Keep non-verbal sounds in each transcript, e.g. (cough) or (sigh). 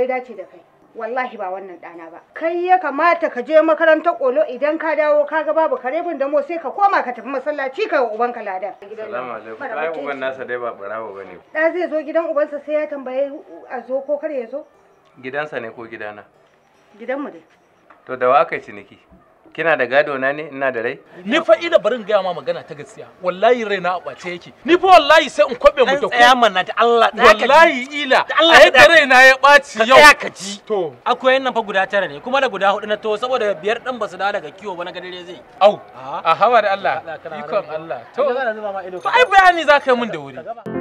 ya dace da kai wallahi ba wannan dana ba kai ya kamata ka je makarantar kolo idan ka dawo ka ga babu karebin da mo sai ka koma ka tafi masallaci ka wa ubanka ladan salamu alaikum ai uban nasa dai ba barawo bane da zai zo gidan ubansa sai ya tambaye a zo ko kar ya zo gidansa ne ko gidana gidanmu dai to da wa aka ciniki kina da gado na ne ina da rai ni fa ina barin gaya ma magana ta gaskiya wallahi raina na abace yake ni fa wallahi sai in kwabe mu da ku tsaya mana da Allah da wallahi ila a rai n'a ya baci yau ka ji to akwai yannan fa guda tara ne kuma da guda hudu na to saboda biyar din basu da daga kiwo ba na ne zai au a hawa da Allah ikon Allah to to ai bayani zaka yi mun da wuri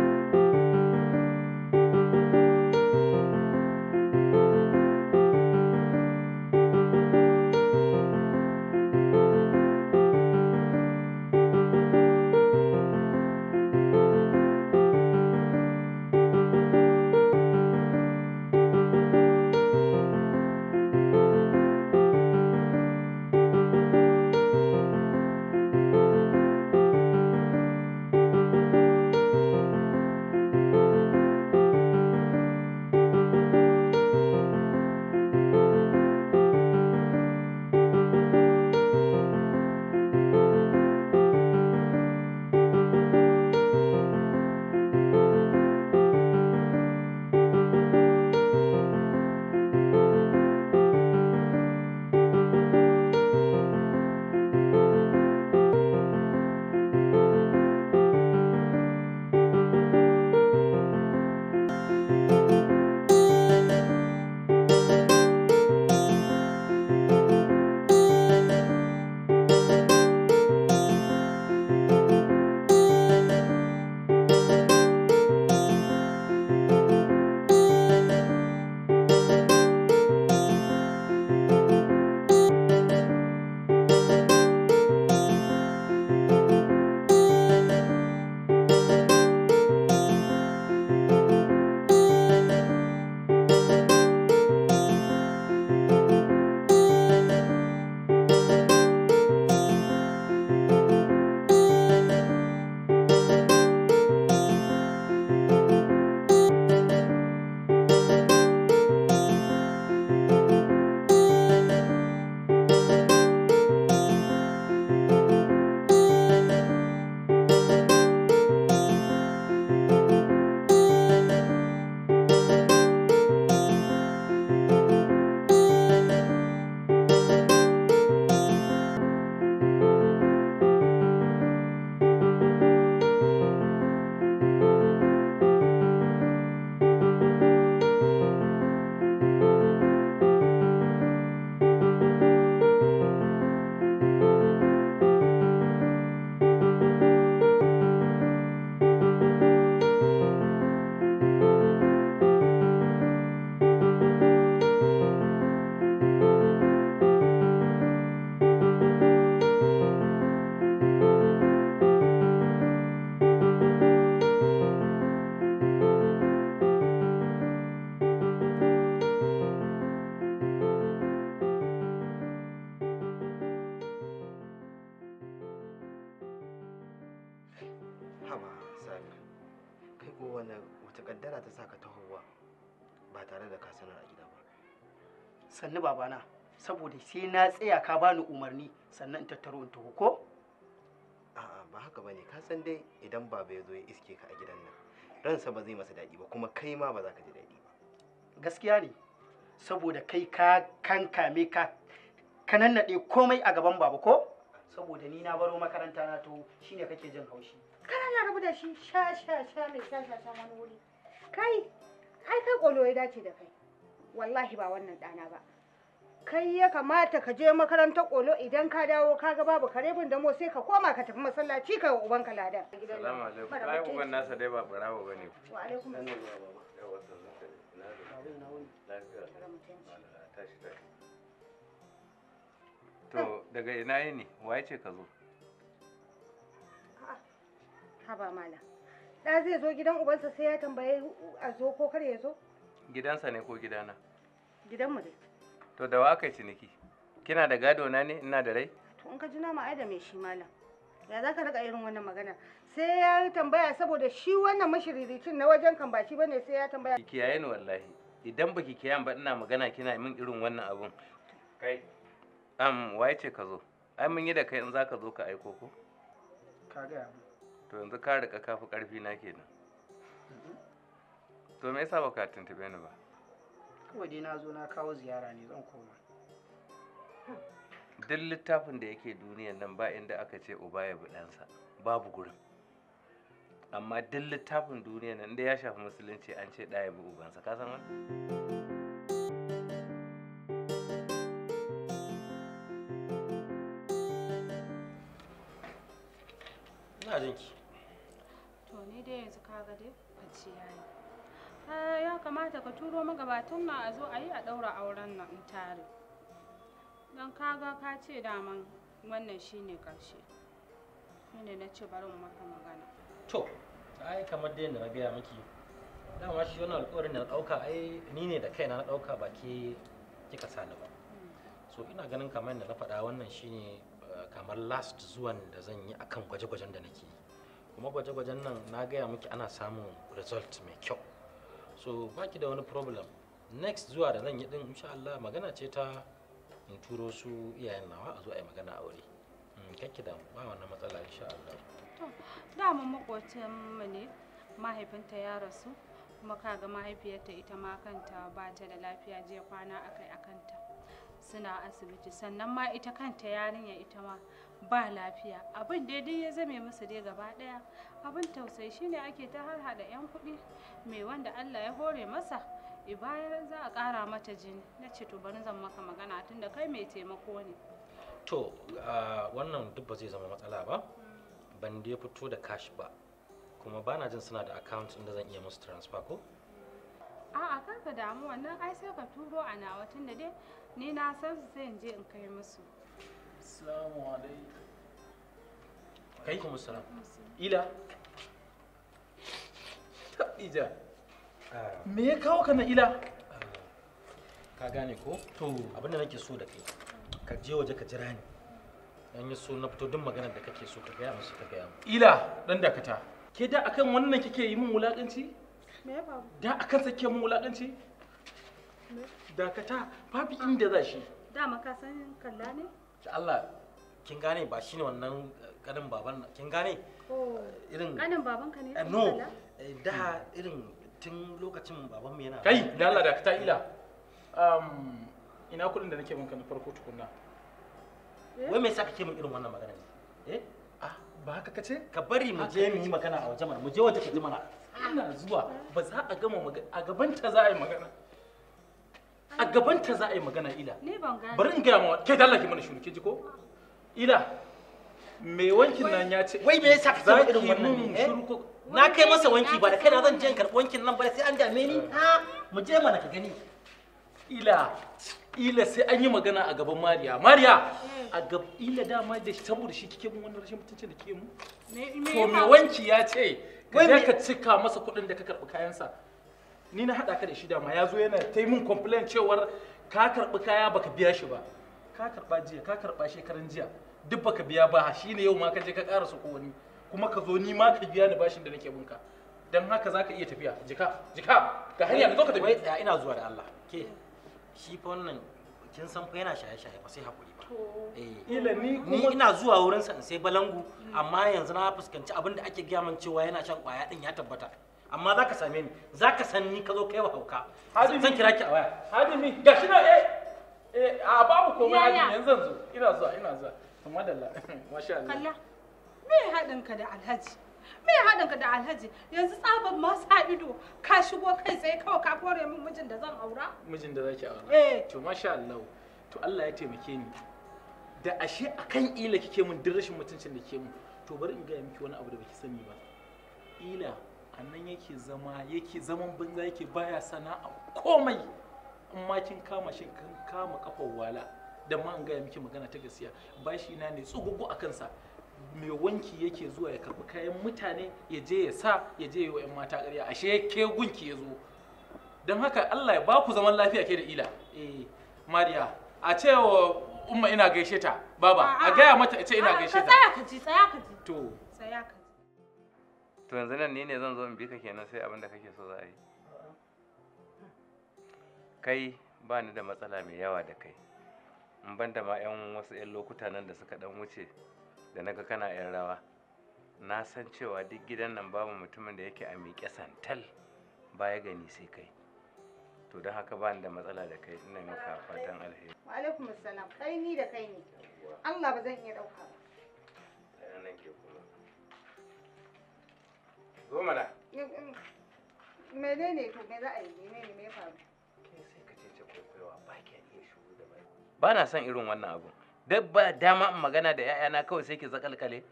sannu babana saboda sai na tsaya ka bani umarni sannan in tattaro in taho ko a'a ba haka bane ka san dai idan baba ya zo ya iske ka a gidan nan ransa ba zai masa daɗi ba kuma kai ma ba za ka ji daɗi ba gaskiya ne saboda kai ka kankame ka kanannaɗe komai a gaban baba ko saboda ni na baro makaranta na to shine kake jin haushi kana na rabu da shi sha sha sha mai sha sha sha wani wuri kai ai kai kolo ya dace da kai wallahi ba wannan ɗana ba kai ya kamata ka je makarantar kolo idan ka dawo ka ga babu karebin da mo sai ka koma ka tafi masallaci ka wa uban ka ladan salamu alaikum ai uban nasa dai ba barawo bane wa alaikum to daga ina yi ne waye ce ka zo haba mala. da zai zo gidan ubansa sai ya tambaye a zo ko kar ya zo gidansa ne ko gidana gidanmu dai to da wa kai ciniki kina da gado na ne ina da rai to in ka ji nama ai da mai shi malam ya za ka rika irin wannan magana sai ya tambaya saboda shi wannan mashiriricin na wajen kan ba shi bane sai ya tambaya ki kiyaye ni wallahi idan baki kiyaye ba ina magana kina min irin wannan abun kai am waye ce ka zo ai mun yi da kai in za ka zo ka aiko ko ka ga to yanzu ka rika kafi karfi na kenan to me yasa baka tuntube ni ba kawai dai na zo na kawo ziyara ne zan koma duk littafin da yake duniyan nan ba inda aka ce uba ya ɗansa babu gurin amma duk littafin duniyan nan inda ya shafi musulunci an ce ɗaya bi ubansa ka san wani gabatun ma a zo a yi a ɗaura auren nan in tare don kaga ka ce daman wannan shine ƙarshe shine na ce bari maka magana to ai kamar dai na gaya miki dama shi wannan alƙawarin na ɗauka ai ni ne da kaina na ɗauka ba ke kika sani ba so ina ganin kamar da na faɗa wannan shine eh, kamar last zuwan da zan yi akan gwaje-gwajen da nake yi kuma gwaje-gwajen nan na gaya miki ana samun result mai kyau so baki da wani problem next zuwa da zan yi din insha Allah magana ce ta in turo su iyayen nawa a zo a yi magana aure mm, kakki da ba wannan matsala insha Allah to dama makwacin mu ne mahaifinta ya rasu kuma kaga mahaifiyarta ita ma kanta ba ta da lafiya jiya kwana akai akanta suna asibiti sannan ma ita kanta yarinya ita ma ba lafiya abin daidai ya zame musu dai gaba daya abin tausayi shine ake ta harhaɗa 'yan kuɗi mai wanda Allah ya hore masa ibayar za a ƙara mata jini na ce to bari zan maka magana tunda kai mai taimako ne to wannan duk ba zai zama matsala ba ban dai fito da cash ba kuma bana jin suna da account inda zan iya musu transfer ko a'a karka damu wannan ai sai ka turo a nawa tunda dai ni na san su sai in je in kai musu assalamu alaikum عليكم السلام ila me ya kawo kana ila ka gane ko to abinda nake so da kai ka je waje ka jira ni dan yi so na fito duk maganar da so ka gaya musu ka gaya ila dan dakata ke da akan wannan kike yi min wulakanci me ya babu da akan sake wulakanci dakata babu inda za shi dama ka san kalla ne Allah kin gane ba shine wannan kanin baban kin gane oh. irin kanin baban ka ne eh, no eh, da irin tun lokacin baban mu yana kai da Allah da ta ila um ina kudin da nake banka na farko tukunna eh? wai me yasa kake min irin wannan magana ne eh ah ba haka kace ka bari mu je mu yi magana a waje mana mu je waje ka ji mana ina zuwa ba za a gama magana a gaban ta za a yi magana a gaban ta za a yi magana ila bari in gaya ma kai da Allah ki mana shuru ki ji ko ila me wankin nan ya ce wai me yasa ka zama irin wannan ne eh? na kai masa wanki ba da kai na zan je in karɓi wankin nan ba sai an dame ni eh. ha mu je mana ka gani ila ila sai an yi magana a gaban mariya mariya hmm. a gab ila dama da saboda shi kike mun wannan rashin mutunci da kike mu to me wanki ya ce ka je ka cika masa kuɗin da ka karɓi kayansa ni na haɗa ka da shi da ma ya zo yana ta yi min complain cewar ka karɓi kaya baka biya shi ba ka karɓa jiya ka karɓa shekaran jiya duk baka biya ba shine yau ma ka je ka ƙara su ko wani kuma ka zo ni ma ka biya ni bashin da nake binka dan haka zaka iya tafiya jika jika ga hanya ka zo ka tafi wai ina zuwa da Allah ke shi fa wannan kin san fa yana shaye-shaye ba sai hakuri ba eh ila ni ni ina zuwa wurin sa sai balangu amma yanzu na fuskanci abin da ake gaya min cewa yana shan kwaya din ya tabbata amma zaka same ni zaka san ni ka zo kai wa hauka zan kira ki a waya hadimi gashi na eh eh a babu komai hadimi yanzu ina zuwa ina zuwa madalla (laughs) masha Allah kalla me haɗin ka da alhaji me haɗin ka da alhaji yanzu tsaban ma sa ido ka shigo kai sai kawai ka kore min mijin da zan aura mijin da zaki aura eh to masha Allah to Allah ya taimake ni da ashe akan ila kike mun duk rashin mutuncin da ke mun to bari in gaya miki wani abu da baki sani ba ila annan yake zama yake zaman banza yake baya sana'a komai amma kin kama shi, shin kama kafar wala da ma an gaya miki magana ta gaskiya bashi na ne tsugugu a kansa mai wanki yake zuwa ya karɓi kayan mutane ya je ya sa ya je wa yan mata ƙarya ashe ke gunki ya zo don haka Allah ya baku zaman lafiya ke da ila eh Mariya a ce wa umma ina gaishe ta baba a gaya mata a ce ina gaishe ta ka ji tsaya ka ji to tsaya ka to yanzu nan ne zan zo in bi ka kenan sai abin da kake so za a yi kai ba ni da matsala mai yawa da kai in da ba 'yan wasu 'yan lokuta nan da suka dan wuce da naga kana 'yan rawa na san cewa duk gidan nan babu mutumin da yake a miƙe santal baya gani sai kai to don haka bani da matsala da kai ina maka fatan alheri wa alaikum assalam kai ni da kai ne Allah ba zan iya dauka ba nan ke kuma zo mana menene to me za a yi menene me faru kai sai ka ce ce kokowa ba ke ba na son irin wannan abu dabba dama in magana da 'ya'yana kawai sai ke zakalkale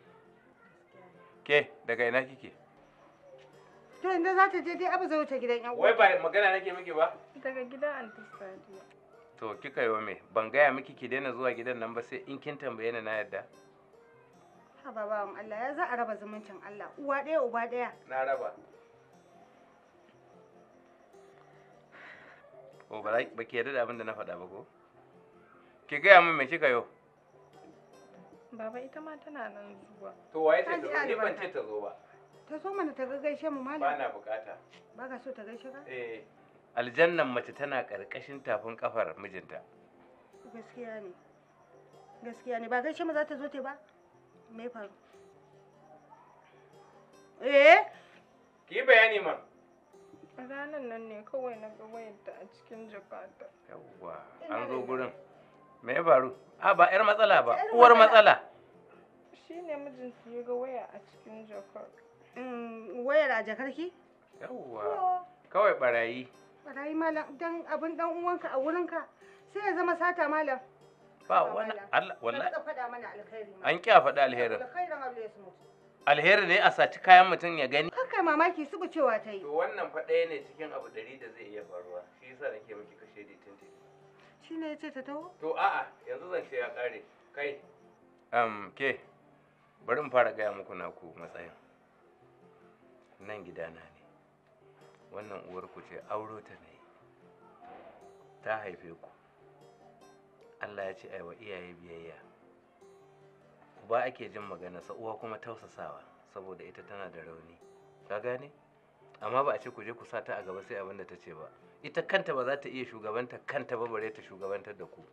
ke daga ina kike to inda za ta je dai abu zai wuce gidan yan uwa wai ba magana nake miki ba daga gidan anti sadiya to kika yi me ban gaya miki ki daina zuwa gidan nan ba sai in kin tambaye ni na yadda ha ba Allah ya za a raba zumuncin Allah uwa ɗaya uba ɗaya na raba o ba ki yarda da abin da na faɗa ba ko ki gaya min me kika yau baba ita ma tana nan zuwa to waye ta zo ni ban ce ta zo ba ta zo mana ta gaishe mu malam bana bukata ba ka so ta gaishe ka eh aljannan mace tana karkashin tafin kafar mijinta gaskiya ne gaskiya ne ba gaishe mu za ta zo te ba me faru eh ki bayani ma ranan nan ne kawai na ga wayanta a cikin jakarta yawwa an zo gurin me ya faru a ah, ba yar matsala ba uwar matsala shi ne mijinsu ya ga waya a cikin jakar mm, wayar a jakar ki yawwa kawai barayi barayi malam dan abin dan uwanka a wurinka sai ya zama sata malam ba wani Allah wallahi an kiya faɗa alherin alheri ne a saci kayan mutum ya gani kai mamaki su cewa ta yi to wannan fa ɗaya ne cikin abu dari da zai iya faruwa shi yasa nake miki kashe da tuntuni Shi ne ce ta taho? To a'a yanzu zan ce ya ƙare. Kai. Um, ke, bari in fara gaya muku naku matsayin. Nan gidana ne. Wannan uwarku ce auro ta ne. Ta haife ku. Allah ya ce aiwa iyaye biyayya. Uba ake jin magana sa uwa kuma tausasawa saboda ita tana da rauni. Ka gane? Amma ba a ce ku je ku sa ta a gaba sai abin da ta ce ba. ita kanta ba za ta iya shugabanta kanta ba bare ta shugabantar da ku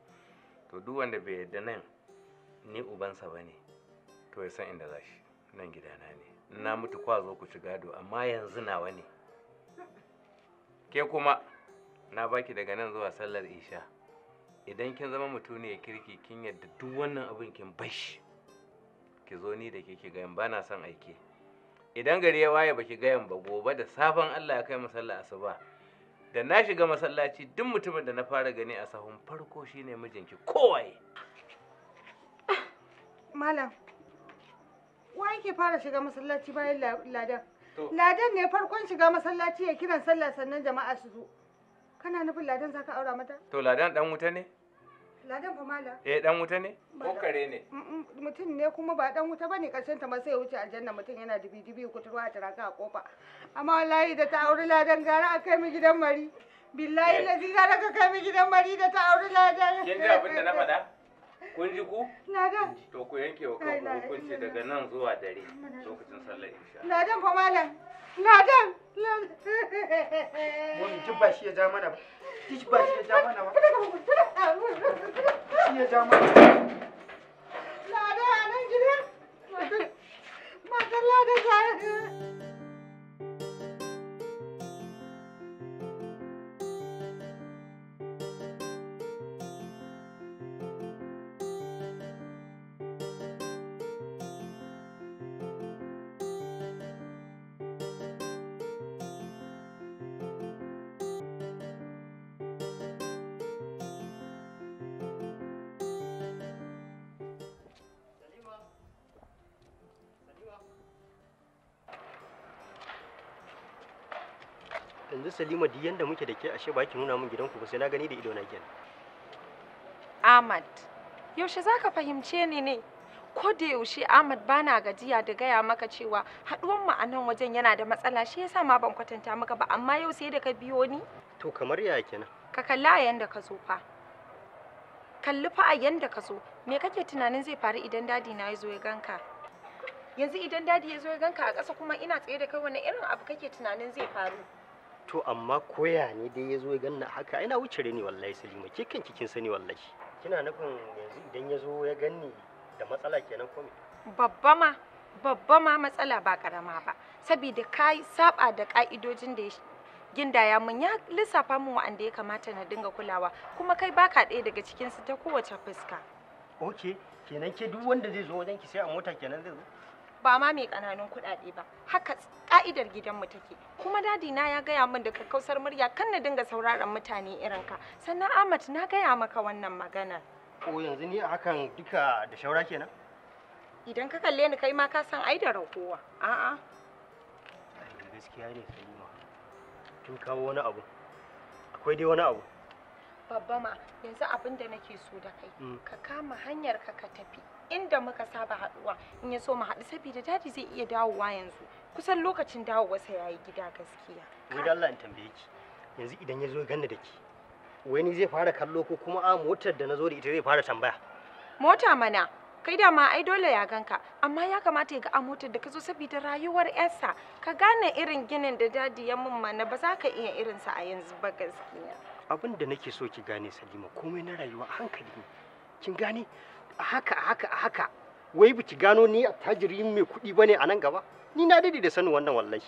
to duk wanda bai yadda nan ni ubansa ba ne to ya san inda za shi nan gidana ne na mutu kwa zo ku ci gado amma yanzu nawa ne ke kuma na baki daga nan zuwa sallar isha idan kin zama ya kirki kin yadda duk wannan abin kin bashi ki zo ni da ke ki gayan ba na son aiki. idan gari ya waye baki gayan ba gobe da sabon allah ya kai mu sallar asuba da na shiga masallaci duk mutumin da na fara gani a sahun farko shine mijinki kowaye malam wa yake fara shiga masallaci bayan ladan ladan ne farkon shiga masallaci ya kiran sallah sannan jama'a su zo kana nufin ladan zaka aura mata to ladan dan wuta ne Ladan fa mala. Eh dan wuta ne? Ko kare ne? Mutum ne kuma ba dan wuta bane karshen ta ma sai wuce aljanna mutum yana dibi dibi kuturwa a taraka a kofa. Amma wallahi da ta auri ladan gara a kai mi gidan mari. Billahi eh. lazi da ka kai mi gidan mari da ta auri ladan. Kin ji abin da na faɗa? kun ji ku to ku yanke wa kanku hukunci daga nan zuwa dare lokacin sallar isha Na ladan fa malam dan. mun ji ba shi ya ja mana ba ji ba shi ya ja mana ba shi ya ja mana Na dan nan gidan matar ladan ta yanzu Salima duk yanda muke da ke ashe ba ki nuna min gidanku ba sai na gani da ido na kenan Ahmad yaushe zaka fahimce ni ne ko da yaushe Ahmad bana gajiya da gaya maka cewa haɗuwan mu a nan wajen yana da matsala shi yasa ma ban kwatanta maka ba amma yau sai da ka biyo ni to kamar yaya kenan ka kalla yanda ka zo fa kalli fa a yanda ka zo me kake tunanin zai faru idan dadi na ya zo ya ganka yanzu idan dadi ya zo ya ganka a ƙasa kuma ina tsaye da kai wani irin abu kake tunanin zai faru to amma koya ne dai ya zo ya ganna haka ina wuce ne wallahi salima ke kanki kin sani wallahi kina nufin yanzu idan ya zo ya ganni da matsala kenan ko me babba ma babba ma matsala ba karama ba saboda kai saba da ka'idojin da gindaya mun ya lissafa mun wa'anda ya kamata na dinga kulawa kuma kai baka ɗaya daga cikin su ta kowace fuska okay kenan ke duk wanda zai zo wajen ki sai a mota kenan zai zo ba ma mai kananan kuɗaɗe ba haka ka'idar gidanmu take kuma dadi na ya gaya min da kakkausar murya kan na dinga sauraron mutane irin ka sannan amat na gaya maka wannan magana ko yanzu ni a hakan duka da shaura kenan idan ka kalle ni kai ma ka san ai da rahowa. a'a gaskiya ne Salima kin kawo wani abu akwai dai wani abu babba ma yanzu abin da nake so da kai mm. ka kama hanyar ka ka tafi inda muka saba haduwa in ya so mu haɗu saboda dadi zai iya dawowa yanzu kusan lokacin dawowarsa ya yi gida gaskiya ni da Allah in tambaye ki yanzu idan ya zo ganna da ki wai ni zai fara kallo ko kuma a motar da na zo da ita zai fara tambaya mota mana kai da ma ai dole ya ganka amma ya kamata ya ga a motar da ka zo saboda rayuwar yarsa ka gane irin ginin da dadi ya mun mana ba za ka iya irinsa a yanzu ba gaskiya abin da nake so ki gane salima komai na rayuwa hankali ne, kin gane haka haka haka wai biki gano ni a tajirin mai kuɗi bane a nan gaba ni na dade da sanin wannan wallahi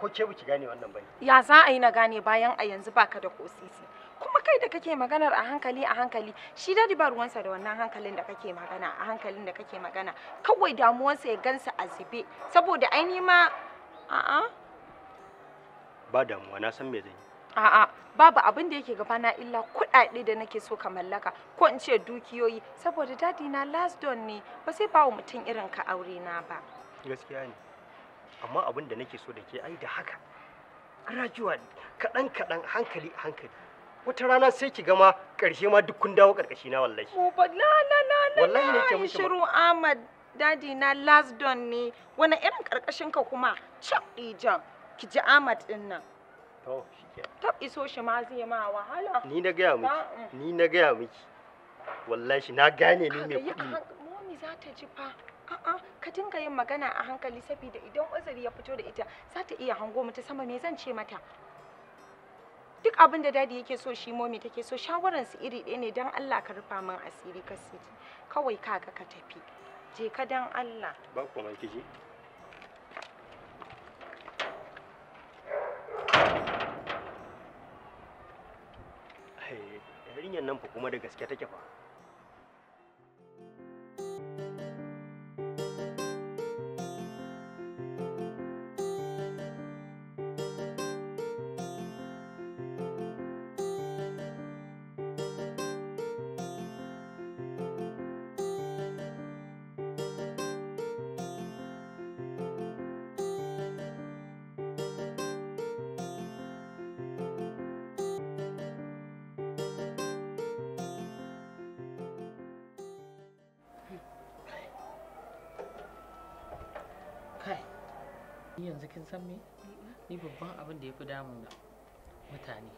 ko ke biki gane wannan bane ya za a yi na gane bayan a yanzu baka da kosisi kuma kai da kake maganar a hankali a hankali shi dadi ba ruwansa da wannan hankalin da kake magana a hankalin da kake magana kawai damuwansa ya gansa a zube saboda ai ma a'a ba damuwa na san me zan yi A'a, babu abin da yake gabana illa kuɗaɗe da nake so ka mallaka ko in ce dukiyoyi saboda dadi na last don ne ba sai bawa mutum irin ka aure na ba. Gaskiya ne. Amma abin da nake so da ke ai da haka. Rajuwa kaɗan kaɗan hankali hankali. Wata rana sai ki gama ƙarshe ma duk kun dawo ƙarƙashi na wallahi. na, na na la la la shiru Ahmad dadi na last don ne wani irin ƙarƙashin ka kuma cap ijan eh, ki ji Ahmad ɗin nan. to tab iso shi ma zai ma wahala ni na gaya miki mm. ni na gaya miki wallahi na gane ni mai kuɗi momi za ta ji fa a'a ka dinga yin magana a hankali saboda idan uzuri ya fito da ita za ta iya hango mu ta sama me zan ce mata duk abin da dadi yake so shi momi take so shawaran su iri ɗaya ne dan Allah ka rufa min asiri ka siji kawai kaga ka tafi je ka dan Allah ba kiji yarinyan nan fa kuma da gaske take fa yanzu kin san me ni babban abin da ya fi damun mutane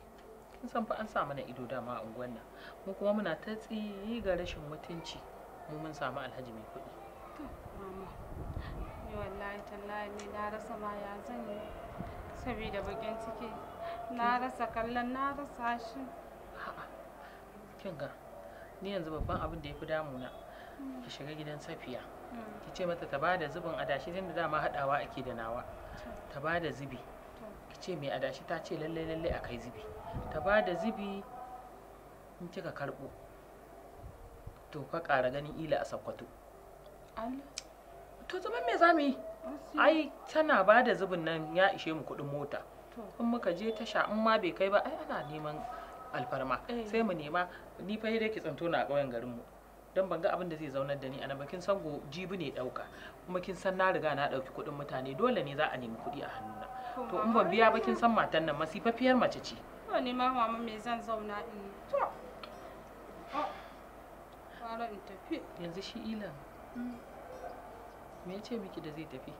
kin san fa an sa mana ido dama a unguwan nan mu kuma muna ta tsiyi ga rashin mutunci mu mun samu alhaji mai kuɗi mama ni wallahi tallahi ne na rasa ma ya zan yi saboda bakin ciki na rasa kallon na rasa shi a'a kin ga ni yanzu babban abin da ya fi damuna ki shiga gidan safiya Mm. ki ce mata ta bada zubin adashi din da dama haɗawa ake da nawa ta bada zubi ki ce mai adashi ta ce lalle lalle a kai zubi ta bada zubi in kika karɓo to ka ƙara ganin ila a sakkwato to zaman me za mu yi ai tana bada zubin nan ya ishe mu kuɗin mota in muka je tasha in ma bai kai ba ai ana neman alfarma eh. sai mu nema ni fa dai ke tsanto na a ƙauyen garinmu don ban ga abin da zai zaunar da ni a ba kin san go jibi ne dauka kuma kin san na riga na dauki kuɗin mutane dole ne za a nemi kuɗi a hannuna to in ban biya ba kin san matan nan masifafiyar mace ce to ne ma mama me zan zauna in to fara oh, in tafi yanzu shi ilan mm. me yace miki da zai tafi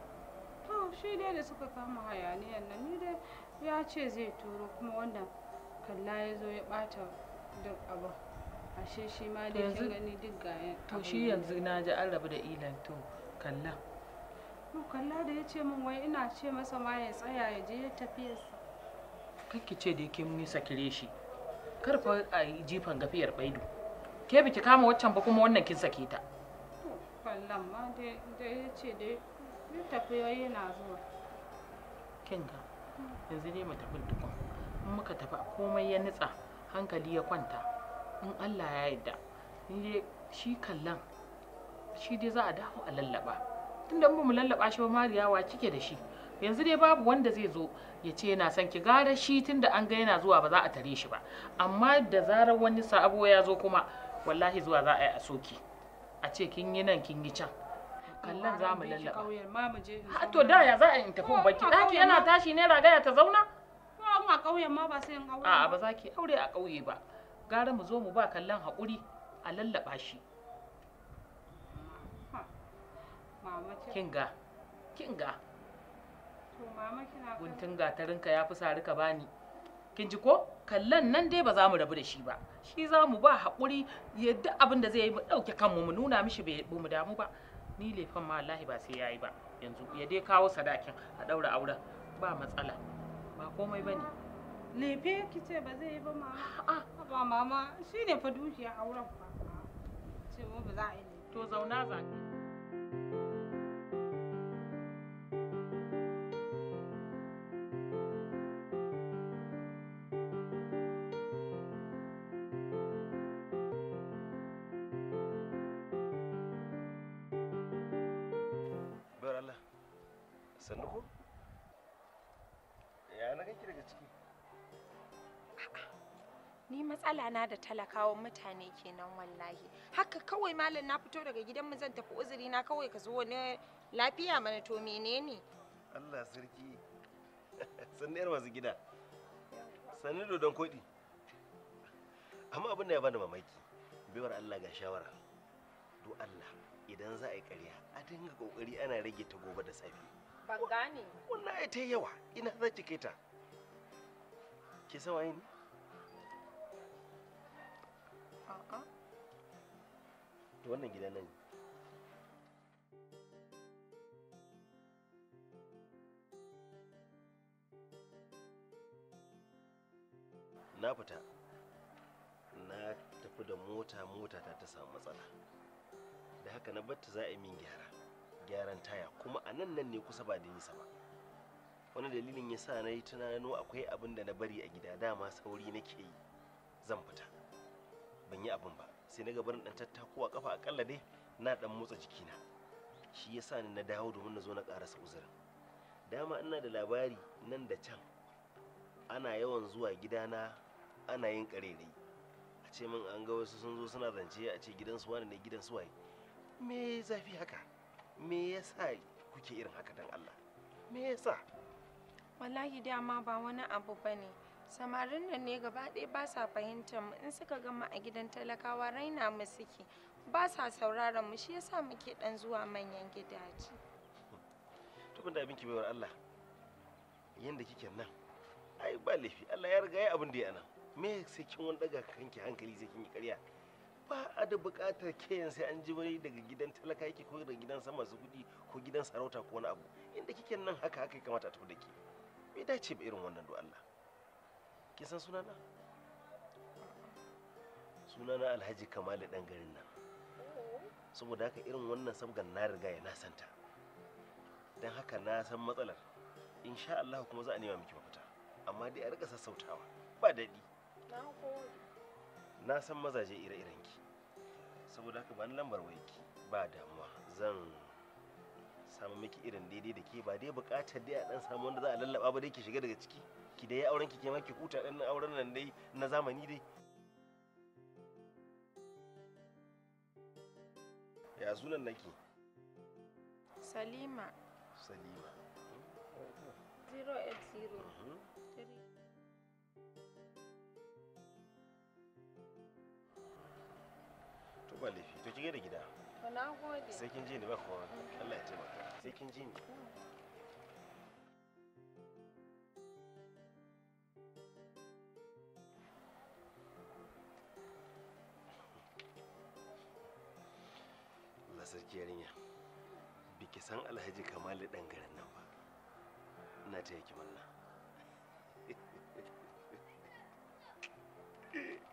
to shi dai da suka kama hayaniyan nan ni dai ya ce zai turo kuma wannan kalla ya zo ya bata duk abin ashe shi ma dai kin gani duk ga to shi yanzu na ji an rabu da ilan to kalla to kalla da ya ce min wai ina ce masa ma ya tsaya ya je ya tafiyarsa kake ce da yake mun yi sakire shi kar fa a yi jifan gafiyar baidu ke biki kama waccan ba kuma wannan kin sake ta kallon ma da ya ce dai ya tafi yana zuwa kin ga yanzu ne mu tafi tukun in muka tafi komai ya nitsa hankali ya kwanta in Allah ya yarda ni shi kallon shi dai za a dawo a lallaba tunda in mu lallaba shi ba mariyawa kike da shi yanzu dai babu wanda zai zo ya ce yana son ki gara shi tunda an ga yana zuwa ba za a tare shi ba amma da zarar wani sabo ya zo kuma wallahi zuwa za a yi a soki a ce kin yi nan kin yi can kallon za mu lallaba to da ya za a in tafi baki daki yana tashi ne ragaya ta zauna ko a ƙauyen ma ba sai in aure a ba za ki aure a ƙauye ba gara mu zo mu ba kallon haƙuri a lallaba shi kinga kinga guntun gatarinka ya fi sarika bani kin ji ko kallon nan dai ba za mu rabu da shi ba shi za mu ba haƙuri yadda abin da zai yi mu ɗauke kanmu mu nuna mishi bai mu damu ba ni laifin ma wallahi ba sai yayi ba yanzu ya dai kawo sadakin a ɗaura auren ba matsala ba komai ba ne lefe ki ce ba zai yi ba ma a'a Ba mama shi ne fa dukiya auren fa. Ce ba za a yi ne. To zauna zaɓi. sannu ko ya na daga ciki ni matsala na da talakawan mutane kenan wallahi haka kawai malam na fito daga gidan mu zan tafi uzuri na kawai ka zo wani lafiya mana to menene Allah sarki sanne yar masu gida sanne dodon kodi amma abin da ya bani mamaki baiwar Allah ga shawara do Allah idan za a yi ƙarya a dinga kokari ana rage ta gobe da safe ban gane wallahi ta yawa ina za ki kai ta ki sawaye ni A'a. wannan nan Na fita. Na tafi da mota mota ta ta samu matsala. Da haka na batta za a yi min gyara. Gyaran taya kuma a nan nan ne kusa ba da nisa ba. wani dalilin ya sa na yi tunano akwai abin da na bari a gida dama sauri nake yi zan fita ban yi abin ba sai na gabar dan tattako a kafa akalla dai na dan motsa jikina shi yasa ni na dawo domin na zo na karasa uzurin dama ina da labari nan da can ana yawan zuwa gidana ana yin karerai a ce min an ga wasu sun zo suna zance a ce gidan su wani ne gidan su waye me zafi haka me yasa kuke irin haka dan Allah me yasa wallahi dama ba wani abu bane samarin nan ne gaba ɗaya ba sa fahimtar mu in suka gama a gidan talakawa raina mu suke ba sa sauraron mu shi yasa muke dan zuwa manyan gidaje tukun da abin ki Allah yanda kike nan ai ba laifi Allah ya riga ya abin da ya nan me sai kin wani daga kanki hankali sai kin yi ƙarya ba a da buƙatar ke sai an ji wani daga gidan talaka yake ko daga gidan sama su kuɗi ko gidan sarauta ko wani abu inda kike nan haka haka ya kamata a tafi da ke bai dace ba irin wannan do Allah ki san sunana sunana alhaji kamalu dan garin nan saboda haka irin wannan sabgan na riga ya nasanta don haka na san matsalar insha Allah kuma za a nema miki mafita amma dai a rika sassautawa ba daɗi na san mazaje ire-irenki saboda haka ba ni lambar waiki ba damuwa zan samu miki irin daidai da ke ba dai bukatar dai a dan samu wanda za a lallaba ba dai ki shiga daga ciki ki dai auren ki ke ma ki huta dan auren nan dai na zamani dai ya sunan nake salima salima 080 mhm. to ba laifi to kige da gida Na gode. Sai kin ji ni ba Allah ya taimaka. Sai kin ji ni. Allah sarki yarinya. Biki san Alhaji Kamalu dan garin nan ba. Ina malla. (laughs)